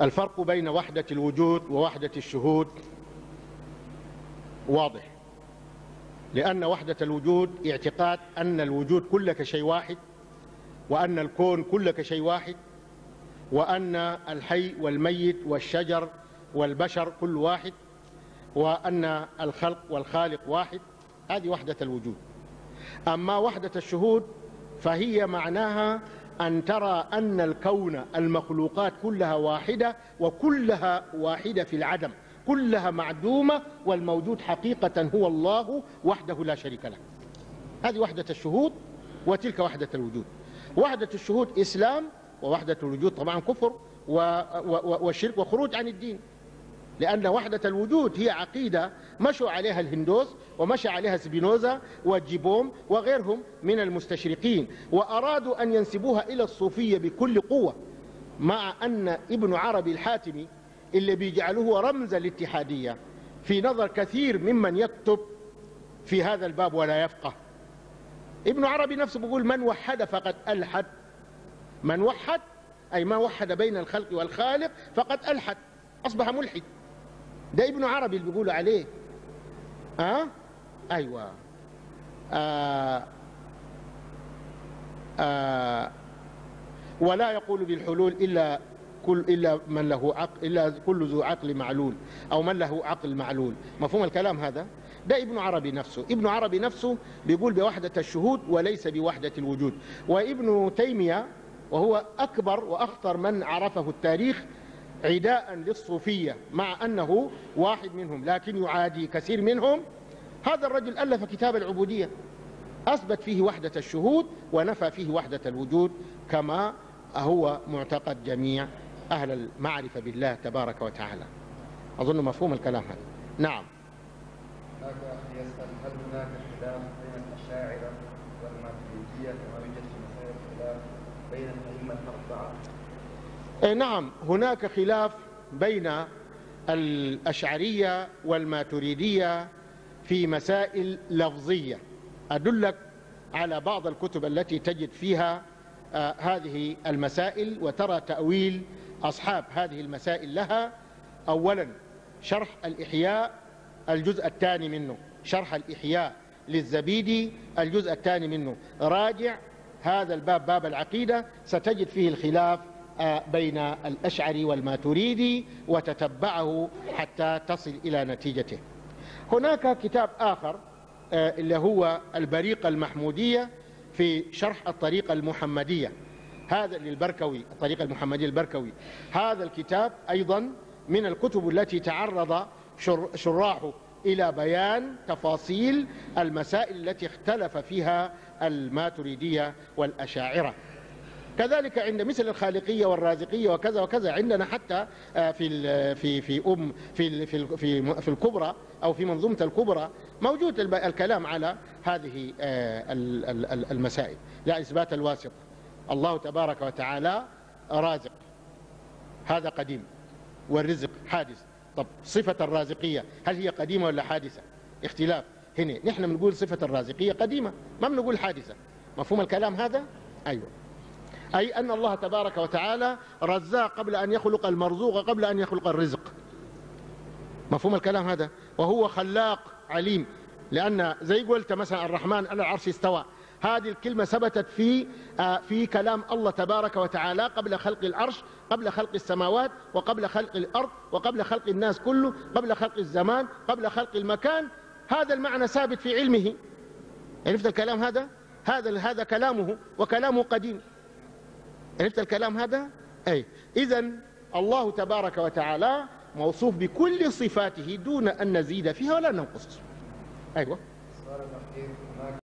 الفرق بين وحدة الوجود ووحدة الشهود واضح لأن وحدة الوجود اعتقاد أن الوجود كلك كشيء واحد وأن الكون كلك كشيء واحد وأن الحي والميت والشجر والبشر كل واحد وأن الخلق والخالق واحد هذه وحدة الوجود أما وحدة الشهود فهي معناها أن ترى أن الكون المخلوقات كلها واحدة وكلها واحدة في العدم كلها معدومة والموجود حقيقة هو الله وحده لا شريك له هذه وحدة الشهود وتلك وحدة الوجود وحدة الشهود إسلام ووحدة الوجود طبعا كفر وشرك وخروج عن الدين لأن وحدة الوجود هي عقيدة مشوا عليها الهندوس ومشى عليها سبينوزا وجيبوم وغيرهم من المستشرقين وأرادوا أن ينسبوها إلى الصوفية بكل قوة مع أن ابن عربي الحاتمي اللي بيجعله رمز الاتحادية في نظر كثير ممن يكتب في هذا الباب ولا يفقه ابن عربي نفسه بيقول من وحد فقد ألحد من وحد أي ما وحد بين الخلق والخالق فقد ألحد أصبح ملحد ده ابن عربي اللي بيقولوا عليه ها أه؟ ايوه آه آه ولا يقول بالحلول الا كل الا من له عقل الا كل ذو عقل معلول او من له عقل معلول مفهوم الكلام هذا ده ابن عربي نفسه ابن عربي نفسه بيقول بوحدة الشهود وليس بوحدة الوجود وابن تيمية وهو أكبر وأخطر من عرفه التاريخ عداء للصوفية مع أنه واحد منهم لكن يعادي كثير منهم هذا الرجل ألف كتاب العبودية أثبت فيه وحدة الشهود ونفى فيه وحدة الوجود كما هو معتقد جميع أهل المعرفة بالله تبارك وتعالى أظن مفهوم الكلام هذا نعم هذا يسأل هل هناك خلاف بين الأشاعرة والماتريدية كما يوجد في مسائل الخلاف بين الأئمة الأربعة إيه، نعم هناك خلاف بين الأشعرية والماتريدية في مسائل لفظية أدلك على بعض الكتب التي تجد فيها آه، هذه المسائل وترى تأويل أصحاب هذه المسائل لها أولا شرح الإحياء الجزء الثاني منه شرح الإحياء للزبيدي الجزء الثاني منه راجع هذا الباب باب العقيدة ستجد فيه الخلاف بين الأشعري والماتريدي وتتبعه حتى تصل إلى نتيجته هناك كتاب آخر آه، اللي هو البريقة المحمودية في شرح الطريقة المحمدية هذا للبركوي الطريقة المحمدية البركوي هذا الكتاب أيضا من الكتب التي تعرض شراحه إلى بيان تفاصيل المسائل التي اختلف فيها الماتريدية والأشاعرة كذلك عند مثل الخالقيه والرازقيه وكذا وكذا عندنا حتى آه، في في في ام في في في, في الكبرى او في منظومه الكبرى موجود الكلام على هذه آه، المسائل لا اثبات الواسطه الله تبارك وتعالى رازق هذا قديم والرزق حادث طب صفة الرازقية هل هي قديمة ولا حادثة اختلاف هنا نحن بنقول صفة الرازقية قديمة ما بنقول حادثة مفهوم الكلام هذا أيوه أي أن الله تبارك وتعالى رزاق قبل أن يخلق المرزوق قبل أن يخلق الرزق مفهوم الكلام هذا وهو خلاق عليم لأن زي قلت مثلا الرحمن على العرش استوى هذه الكلمة ثبتت في آه، في كلام الله تبارك وتعالى قبل خلق العرش قبل خلق السماوات وقبل خلق الأرض وقبل خلق الناس كله قبل خلق الزمان قبل خلق المكان هذا المعنى ثابت في علمه عرفت الكلام هذا هذا هذا كلامه وكلامه قديم عرفت الكلام هذا أي إذا الله تبارك وتعالى موصوف بكل صفاته دون أن نزيد فيها ولا ننقص أيوة